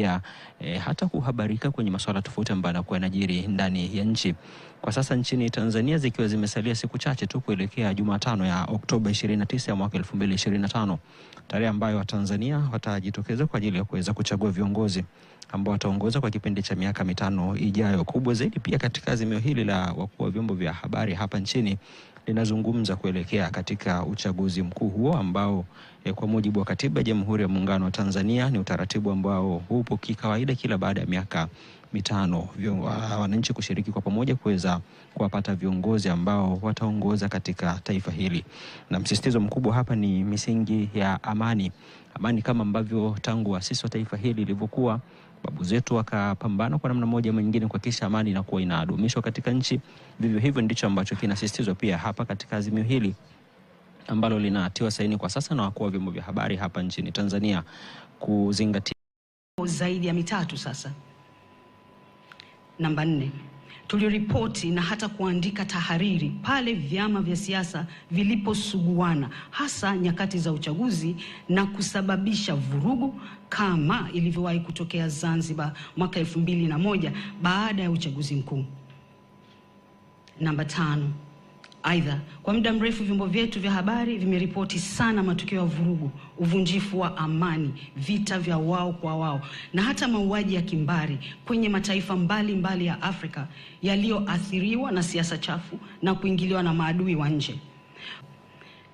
pia e, hata kuhabarika kwenye masuala tofauti ambayo yanakuwa yanajiri ndani ya nchi. Kwa sasa nchini Tanzania zikiwa zimesalia siku chache tu kuelekea Jumatano ya Oktoba 29 ya mwaka 2025, tarehe ambayo Watanzania watajitokeza kwa ajili ya kuweza kuchagua viongozi ambao wataongoza kwa kipindi cha miaka mitano ijayo. Kubwa zaidi pia katika azimio hili la wakuu wa vyombo vya habari hapa nchini linazungumza kuelekea katika uchaguzi mkuu huo ambao e, kwa mujibu wa katiba ya Jamhuri ya Muungano wa Tanzania ni utaratibu ambao upo kikawaida kila baada ya miaka mitano wananchi kushiriki kwa pamoja kuweza kuwapata viongozi ambao wataongoza katika taifa hili, na msisitizo mkubwa hapa ni misingi ya amani. Amani kama ambavyo tangu waasisi wa taifa hili ilivyokuwa babu zetu wakapambana kwa namna moja ama nyingine kuhakikisha amani inakuwa inadumishwa katika nchi. Vivyo hivyo ndicho ambacho kinasisitizwa pia hapa katika azimio hili ambalo linatiwa saini kwa sasa na wakuu wa vyombo vya habari hapa nchini Tanzania kuzingatia zaidi ya mitatu sasa namba nne tuliripoti na hata kuandika tahariri pale vyama vya siasa viliposuguana hasa nyakati za uchaguzi na kusababisha vurugu kama ilivyowahi kutokea Zanzibar mwaka elfu mbili na moja baada ya uchaguzi mkuu. Namba tano Aidha, kwa muda mrefu vyombo vyetu vya habari vimeripoti sana matukio ya vurugu, uvunjifu wa amani, vita vya wao kwa wao na hata mauaji ya kimbari kwenye mataifa mbalimbali mbali ya Afrika yaliyoathiriwa na siasa chafu na kuingiliwa na maadui wa nje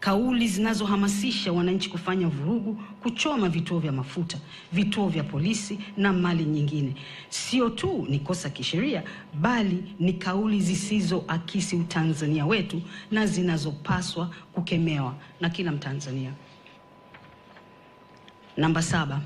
kauli zinazohamasisha wananchi kufanya vurugu, kuchoma vituo vya mafuta, vituo vya polisi na mali nyingine, sio tu ni kosa kisheria, bali ni kauli zisizoakisi utanzania wetu na zinazopaswa kukemewa na kila Mtanzania. Namba saba,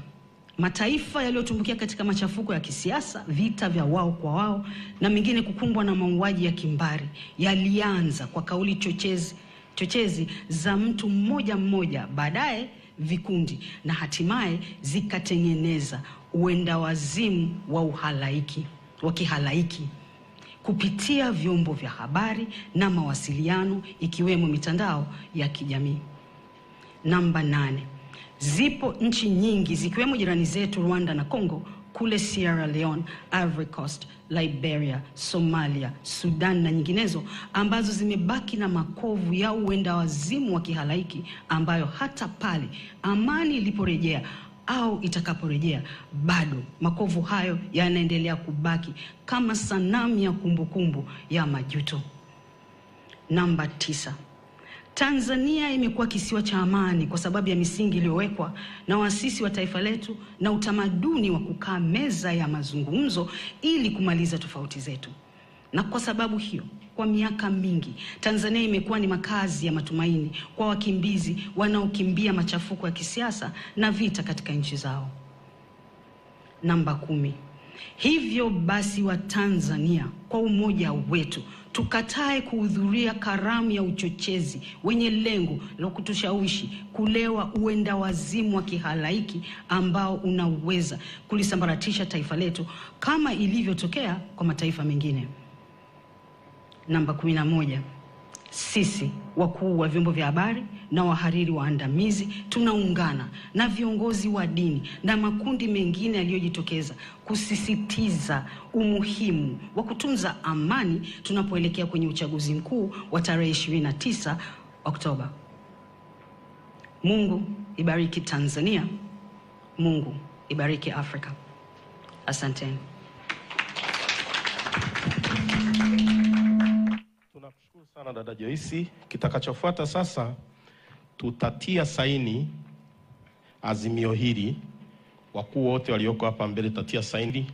mataifa yaliyotumbukia katika machafuko ya kisiasa, vita vya wao kwa wao na mengine kukumbwa na mauaji ya kimbari yalianza kwa kauli chochezi chochezi za mtu mmoja mmoja, baadaye vikundi na hatimaye zikatengeneza uenda wazimu wa uhalaiki wa kihalaiki kupitia vyombo vya habari na mawasiliano ikiwemo mitandao ya kijamii. Namba nane, zipo nchi nyingi zikiwemo jirani zetu Rwanda na Kongo kule Sierra Leone, Ivory Coast, Liberia, Somalia, Sudan na nyinginezo ambazo zimebaki na makovu ya uenda wazimu wa kihalaiki ambayo hata pale amani iliporejea au itakaporejea bado makovu hayo yanaendelea kubaki kama sanamu ya kumbukumbu ya majuto. Namba tisa. Tanzania imekuwa kisiwa cha amani kwa sababu ya misingi iliyowekwa na waasisi wa taifa letu na utamaduni wa kukaa meza ya mazungumzo ili kumaliza tofauti zetu. Na kwa sababu hiyo, kwa miaka mingi Tanzania imekuwa ni makazi ya matumaini kwa wakimbizi wanaokimbia machafuko ya kisiasa na vita katika nchi zao. Namba kumi. Hivyo basi, Watanzania, kwa umoja wetu tukatae kuhudhuria karamu ya uchochezi wenye lengo la kutushawishi kulewa uenda wazimu wa kihalaiki ambao unaweza kulisambaratisha taifa letu kama ilivyotokea kwa mataifa mengine. Namba 11, sisi wakuu wa vyombo vya habari na wahariri waandamizi, tunaungana na viongozi wa dini na makundi mengine yaliyojitokeza kusisitiza umuhimu wa kutunza amani tunapoelekea kwenye uchaguzi mkuu wa tarehe 29 Oktoba. Mungu ibariki Tanzania. Mungu ibariki Afrika. Asanteni. sana dada Joyce. Kitakachofuata sasa, tutatia saini azimio hili, wakuu wote walioko hapa mbele tutatia saini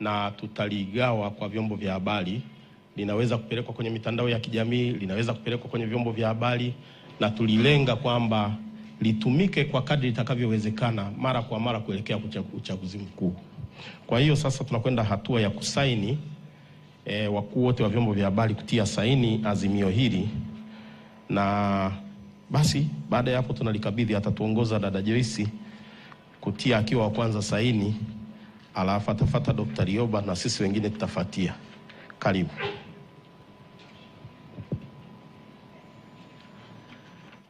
na tutaligawa kwa vyombo vya habari. Linaweza kupelekwa kwenye mitandao ya kijamii, linaweza kupelekwa kwenye vyombo vya habari, na tulilenga kwamba litumike kwa kadri litakavyowezekana mara kwa mara kuelekea uchaguzi mkuu. Kwa hiyo sasa tunakwenda hatua ya kusaini e, wakuu wote wa vyombo vya habari kutia saini azimio hili, na basi baada ya hapo tunalikabidhi, atatuongoza dada Joyce kutia akiwa wa kwanza saini, alafu atafata Dr. rioba na sisi wengine tutafatia. Karibu.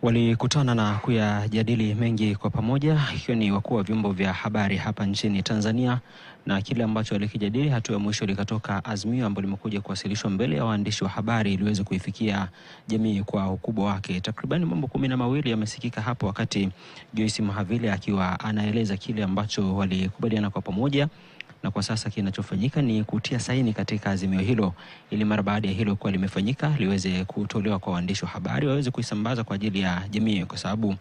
walikutana na kuyajadili mengi kwa pamoja, ikiwa ni wakuu wa vyombo vya habari hapa nchini Tanzania, na kile ambacho walikijadili, hatua ya mwisho likatoka azimio ambalo limekuja kuwasilishwa mbele ya waandishi wa habari ili iweze kuifikia jamii kwa ukubwa wake. Takriban mambo kumi na mawili yamesikika hapo, wakati Joyce Mahavile akiwa anaeleza kile ambacho walikubaliana kwa pamoja na kwa sasa kinachofanyika ni kutia saini katika azimio hilo, ili mara baada ya hilo kuwa limefanyika liweze kutolewa kwa waandishi wa habari waweze kuisambaza kwa ajili ya jamii, kwa sababu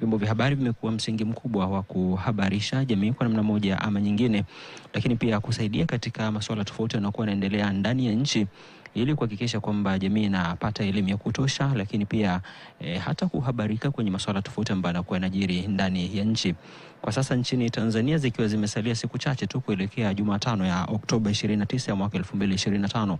vyombo vya habari vimekuwa msingi mkubwa wa kuhabarisha jamii kwa namna moja ama nyingine, lakini pia kusaidia katika masuala tofauti yanayokuwa yanaendelea ndani ya nchi ili kuhakikisha kwamba jamii inapata elimu ya kutosha, lakini pia e, hata kuhabarika kwenye masuala tofauti ambayo yanakuwa yanajiri ndani ya nchi. Kwa sasa nchini Tanzania zikiwa zimesalia siku chache tu kuelekea Jumatano ya Oktoba 29 ya mwaka 2025,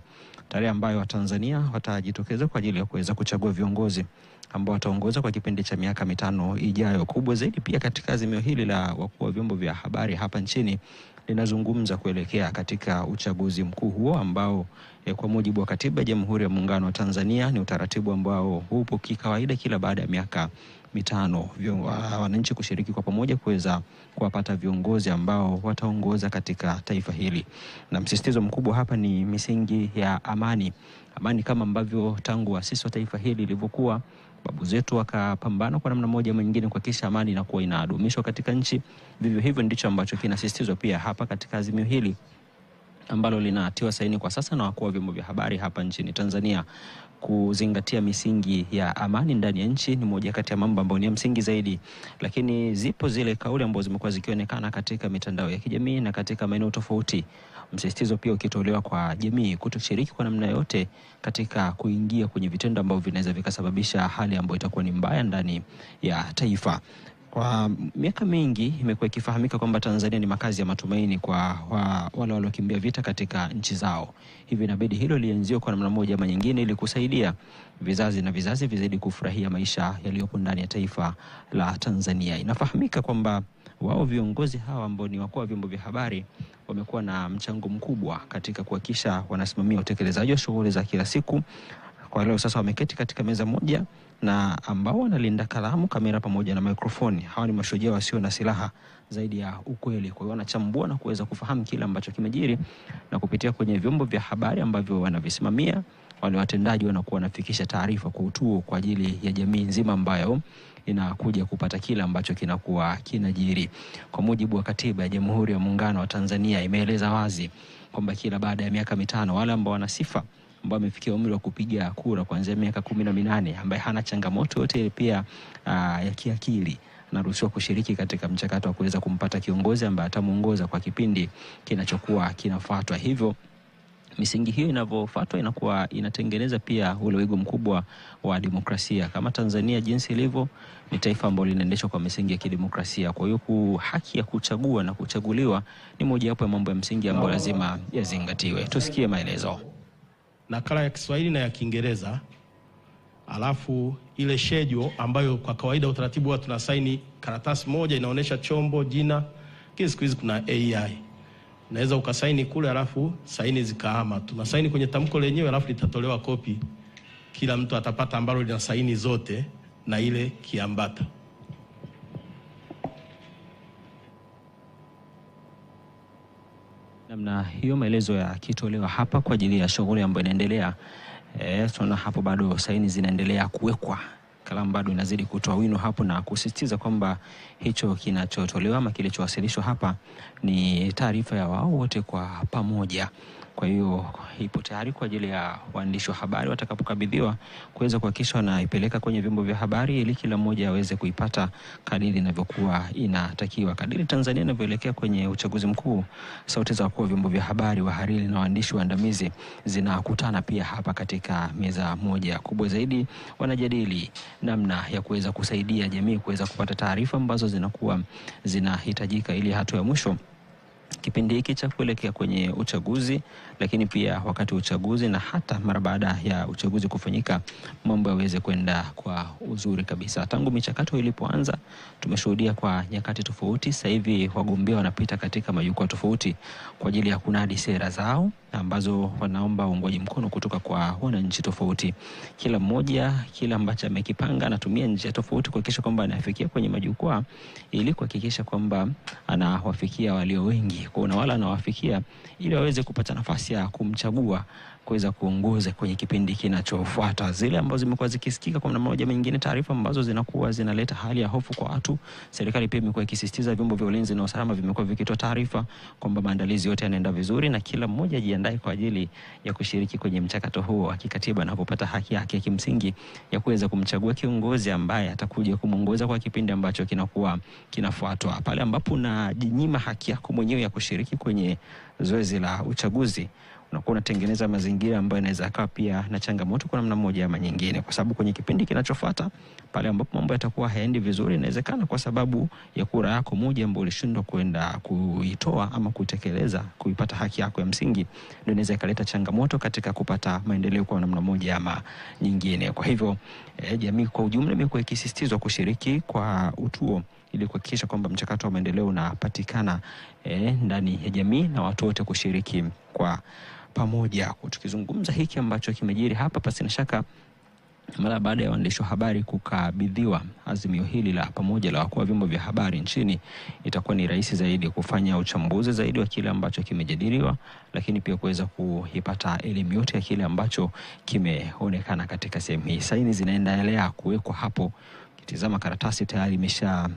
tarehe ambayo Watanzania watajitokeza kwa ajili ya kuweza kuchagua viongozi ambao wataongoza kwa kipindi cha miaka mitano ijayo. Kubwa zaidi pia katika azimio hili la wakuu wa vyombo vya habari hapa nchini linazungumza kuelekea katika uchaguzi mkuu huo ambao e, kwa mujibu wa katiba ya Jamhuri ya Muungano wa Tanzania ni utaratibu ambao upo kikawaida kila baada ya miaka mitano wananchi kushiriki kwa pamoja kuweza kuwapata viongozi ambao wataongoza katika taifa hili, na msisitizo mkubwa hapa ni misingi ya amani. Amani kama ambavyo tangu waasisi wa taifa hili ilivyokuwa babu zetu wakapambana kwa namna moja ama nyingine kuhakikisha amani inakuwa inadumishwa katika nchi. Vivyo hivyo ndicho ambacho kinasisitizwa pia hapa katika azimio hili ambalo linatiwa saini kwa sasa na wakuu wa vyombo vya habari hapa nchini Tanzania kuzingatia misingi ya amani ndani ya nchi ni moja kati ya mambo ambayo ni ya msingi zaidi, lakini zipo zile kauli ambazo zimekuwa zikionekana katika mitandao ya kijamii na katika maeneo tofauti, msisitizo pia ukitolewa kwa jamii kutoshiriki kwa namna yote katika kuingia kwenye vitendo ambavyo vinaweza vikasababisha hali ambayo itakuwa ni mbaya ndani ya taifa. Kwa miaka mingi imekuwa ikifahamika kwamba Tanzania ni makazi ya matumaini kwa wa, wale waliokimbia vita katika nchi zao, hivyo inabidi hilo lienziwe kwa namna moja ama nyingine, ili kusaidia vizazi na vizazi vizidi kufurahia maisha yaliyopo ndani ya taifa la Tanzania. Inafahamika kwamba wao viongozi hawa ambao ni wakuu wa vyombo vya habari wamekuwa na mchango mkubwa katika kuhakikisha wanasimamia utekelezaji wa shughuli za kila siku. Kwa leo sasa wameketi katika meza moja na ambao wanalinda kalamu, kamera pamoja na mikrofoni. Hawa ni mashujaa wasio na silaha zaidi ya ukweli. Kwa hiyo wanachambua na kuweza kufahamu kile ambacho kimejiri, na kupitia kwenye vyombo vya habari ambavyo wanavisimamia wale watendaji wanakuwa wanafikisha taarifa kwa utuo kwa ajili ya jamii nzima ambayo inakuja kupata kile ambacho kinakuwa kinajiri. Kwa mujibu wa Katiba ya Jamhuri ya Muungano wa Tanzania, imeeleza wazi kwamba kila baada ya miaka mitano wale ambao wana sifa ambaye amefikia umri wa kupiga kura kuanzia miaka kumi na minane ambaye hana changamoto yote pia uh, ya kiakili anaruhusiwa kushiriki katika mchakato wa kuweza kumpata kiongozi ambaye atamuongoza kwa kipindi kinachokuwa kinafuatwa. Hivyo misingi hiyo inavyofuatwa inakuwa inatengeneza pia ule wigo mkubwa wa demokrasia. Kama Tanzania jinsi ilivyo, ni taifa ambalo linaendeshwa kwa misingi ya kidemokrasia. Kwa hiyo haki ya kuchagua na kuchaguliwa ni mojawapo ya mambo ya msingi ambayo lazima yazingatiwe. Tusikie maelezo nakala ya Kiswahili na ya Kiingereza, alafu ile shejo ambayo kwa kawaida utaratibu huwa tunasaini karatasi moja inaonyesha chombo, jina. Lakini siku hizi kuna AI, unaweza ukasaini kule, alafu saini zikahama, tunasaini kwenye tamko lenyewe, alafu litatolewa kopi, kila mtu atapata ambalo lina saini zote na ile kiambata. Namna hiyo maelezo yakitolewa hapa kwa ajili ya shughuli ambayo inaendelea eh, tunaona hapo bado saini zinaendelea kuwekwa, kalamu bado inazidi kutoa wino hapo na kusisitiza kwamba hicho kinachotolewa ama kilichowasilishwa hapa ni taarifa ya wao wote kwa pamoja. Kwa hiyo ipo tayari kwa ajili ya waandishi wa habari watakapokabidhiwa kuweza kuhakikisha wanaipeleka kwenye vyombo vya habari ili kila mmoja aweze kuipata kadiri inavyokuwa inatakiwa. Kadiri Tanzania inavyoelekea kwenye uchaguzi mkuu, sauti za wakuu wa vyombo vya habari, wahariri na waandishi waandamizi zinakutana pia hapa katika meza moja kubwa zaidi, wanajadili namna ya kuweza kusaidia jamii kuweza kupata taarifa ambazo zinakuwa zinahitajika ili hatua ya mwisho kipindi hiki cha kuelekea kwenye uchaguzi lakini pia wakati wa uchaguzi na hata mara baada ya uchaguzi kufanyika, mambo yaweze kwenda kwa uzuri kabisa. Tangu michakato ilipoanza, tumeshuhudia kwa nyakati tofauti. Sasa hivi wagombea wanapita katika majukwaa tofauti kwa ajili ya kunadi sera zao ambazo wanaomba uungwaji mkono kutoka kwa wananchi tofauti. Kila mmoja kila ambacho amekipanga anatumia njia tofauti kuhakikisha kwamba anafikia kwenye majukwaa ili kuhakikisha kwamba anawafikia walio wengi, na wale anawafikia ili waweze kupata nafasi ya kumchagua kuweza kuongoza kwenye kipindi kinachofuata. Zile ambazo zimekuwa zikisikika kwa namna moja nyingine, taarifa ambazo zinakuwa zinaleta hali ya hofu kwa watu, serikali pia imekuwa ikisisitiza, vyombo vya ulinzi na usalama vimekuwa vikitoa taarifa kwamba maandalizi yote yanaenda vizuri na kila mmoja ajiandae kwa ajili ya kushiriki kwenye mchakato huo wa kikatiba na kupata haki yake ya kimsingi ya kuweza kumchagua kiongozi ambaye atakuja kumwongoza kwa kipindi ambacho kinakuwa kinafuatwa. Pale ambapo unajinyima haki yako mwenyewe ya kushiriki kwenye zoezi la uchaguzi unakuwa unatengeneza mazingira ambayo inaweza kaa pia na changamoto kwa namna moja ama nyingine, kwa sababu kwenye kipindi kinachofuata pale ambapo mambo yatakuwa haendi vizuri, inawezekana kwa sababu ya kura yako moja ambayo ulishindwa kwenda kuitoa ama kutekeleza kuipata haki yako ya msingi, ndio inaweza ikaleta changamoto katika kupata maendeleo kwa namna moja ama nyingine. Kwa hivyo eh, jamii kwa ujumla imekuwa ikisisitizwa kushiriki kwa utuo ili kuhakikisha kwamba mchakato wa maendeleo unapatikana eh, ndani ya jamii na watu wote kushiriki kwa pamoja Tukizungumza hiki ambacho kimejiri hapa, na shaka, mara baada ya waandishi wa habari kukabidhiwa azimio hili la pamoja la wakuu wa vyombo vya habari nchini, itakuwa ni rahisi zaidi kufanya uchambuzi zaidi wa kile ambacho kimejadiliwa, lakini pia kuweza kuipata elimu yote ya kile ambacho kimeonekana katika sehemu hii. Saini zinaendelea kuwekwa hapo, kitizama karatasi tayari imesha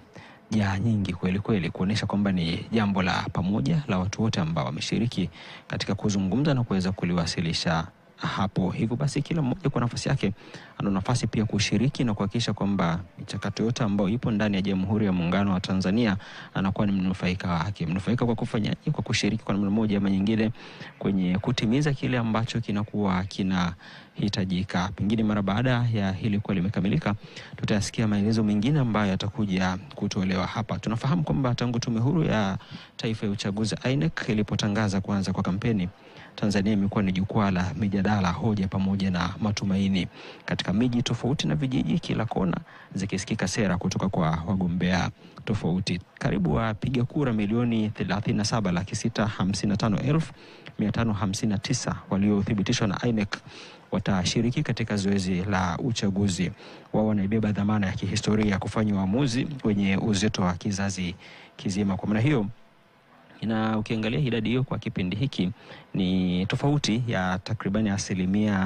ya nyingi kweli kweli, kuonesha kwamba ni jambo la pamoja la watu wote ambao wameshiriki katika kuzungumza na kuweza kuliwasilisha hapo. Hivyo basi kila mmoja kwa nafasi yake ana nafasi pia kushiriki na kuhakikisha kwamba michakato yote ambayo ipo ndani ya Jamhuri ya Muungano wa Tanzania anakuwa ni mnufaika wake, mnufaika kwa kufanya kwa kushiriki kwa namna moja ama nyingine kwenye kutimiza kile ambacho kinakuwa kinahitajika. Pengine mara baada ya hili kuwa limekamilika, tutayasikia maelezo mengine ambayo yatakuja kutolewa hapa. Tunafahamu kwamba tangu Tume Huru ya Taifa ya Uchaguzi INEC ilipotangaza kuanza kwa kampeni Tanzania imekuwa ni jukwaa la mijadala, hoja pamoja na matumaini katika miji tofauti na vijiji, kila kona zikisikika sera kutoka kwa wagombea tofauti. Karibu wapiga kura milioni 37 laki sita hamsini waliothibitishwa na INEC watashiriki katika zoezi la uchaguzi. Wao wanaibeba dhamana ya kihistoria ya kufanya uamuzi wenye uzito wa kizazi kizima. Kwa maana hiyo na ukiangalia idadi hiyo kwa kipindi hiki ni tofauti ya takribani asilimia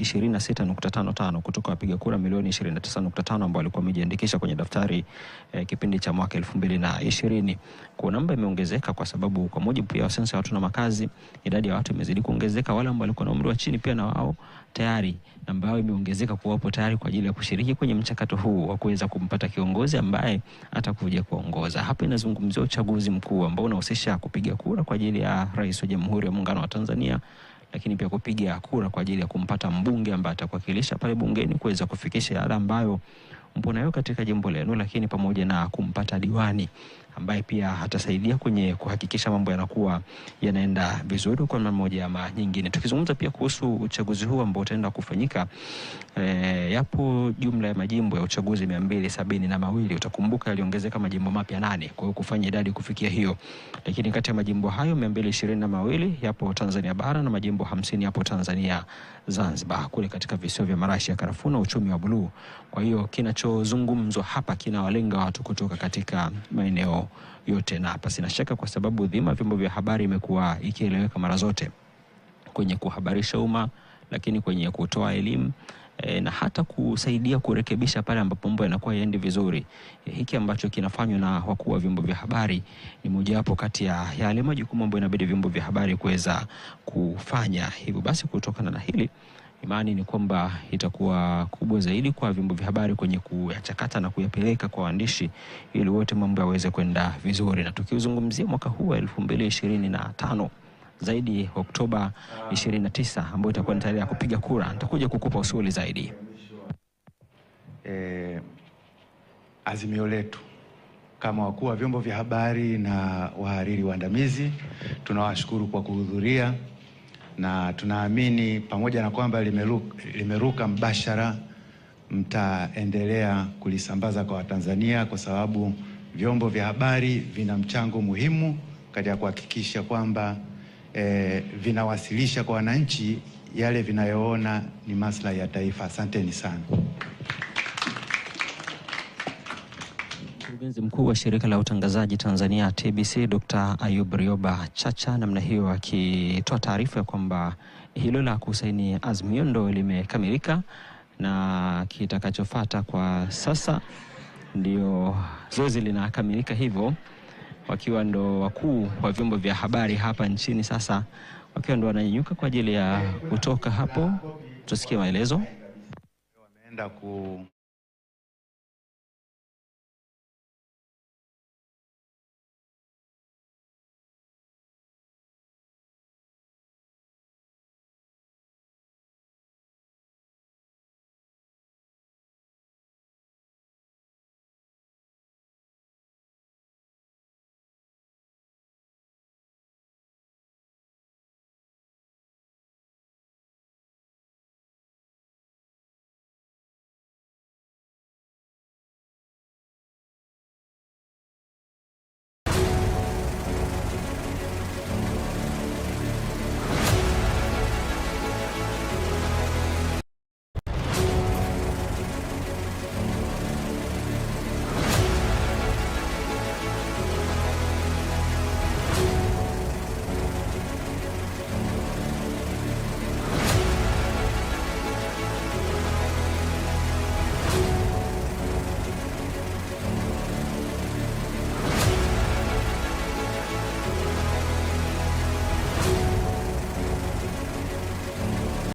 26.55 kutoka wapiga kura milioni 29.5 ambao walikuwa wamejiandikisha kwenye daftari eh, kipindi cha mwaka 2020. Kwa namba imeongezeka kwa sababu kwa mujibu pia wa sensa ya watu na makazi, idadi ya watu imezidi kuongezeka. Wale ambao walikuwa na umri wa chini pia na wao tayari ambayo imeongezeka kuwapo tayari kwa ajili ya kushiriki kwenye mchakato huu wa kuweza kumpata kiongozi ambaye atakuja kuongoza. Hapa inazungumzia uchaguzi mkuu ambao unahusisha kupiga kura kwa ajili ya rais wa Jamhuri ya Muungano wa Tanzania, lakini pia kupiga kura kwa ajili ya kumpata mbunge ambaye atakuwakilisha pale bungeni kuweza kufikisha yale ambayo mpo nayo katika jimbo lenu, lakini pamoja na kumpata diwani ambaye pia atasaidia kwenye kuhakikisha mambo yanakuwa yanaenda vizuri kwa namna moja ama nyingine. Tukizungumza pia kuhusu uchaguzi huu ambao utaenda kufanyika e, yapo jumla ya majimbo ya uchaguzi mia mbili sabini na mawili. Utakumbuka yaliongezeka majimbo mapya nane, kwa hiyo kufanya idadi kufikia hiyo, lakini kati ya majimbo hayo mia mbili ishirini na mawili yapo Tanzania bara na majimbo hamsini yapo Tanzania Zanzibar, kule katika visiwa vya marashi ya karafuu na uchumi wa buluu. Kwa hiyo kinachozungumzwa hapa kinawalenga watu kutoka katika maeneo yote, na pasina shaka, kwa sababu dhima vyombo vya habari imekuwa ikieleweka mara zote kwenye kuhabarisha umma, lakini kwenye kutoa elimu e, na hata kusaidia kurekebisha pale ambapo mambo yanakuwa yaendi vizuri. E, hiki ambacho kinafanywa na wakuu wa vyombo vya habari ni mojawapo kati ya yale majukumu ambayo inabidi vyombo vya habari kuweza kufanya. Hivyo basi kutokana na hili imani ni kwamba itakuwa kubwa zaidi kwa vyombo vya habari kwenye kuyachakata na kuyapeleka kwa waandishi ili wote mambo yaweze kwenda vizuri. Na tukiuzungumzia mwaka huu wa elfu mbili ishirini na tano zaidi Oktoba 29 ambayo itakuwa ni tarehe ya kupiga kura, nitakuja kukupa usuli zaidi. E, azimio letu kama wakuu wa vyombo vya habari na wahariri waandamizi tunawashukuru kwa kuhudhuria na tunaamini pamoja na kwamba limeruka, limeruka mbashara, mtaendelea kulisambaza kwa Watanzania kwa sababu vyombo vya habari vina mchango muhimu katika kuhakikisha kwamba e, vinawasilisha kwa wananchi yale vinayoona ni maslahi ya taifa. Asanteni sana. Mkurugenzi mkuu wa shirika la utangazaji Tanzania TBC Dr. Ayub Rioba Chacha namna hiyo akitoa taarifa ya kwamba hilo la kusaini azimio ndo limekamilika na kitakachofuata kwa sasa ndio zoezi linakamilika hivyo, wakiwa ndo wakuu wa vyombo vya habari hapa nchini sasa wakiwa ndo wananyanyuka kwa ajili ya kutoka hapo. Tusikie maelezo wameenda ku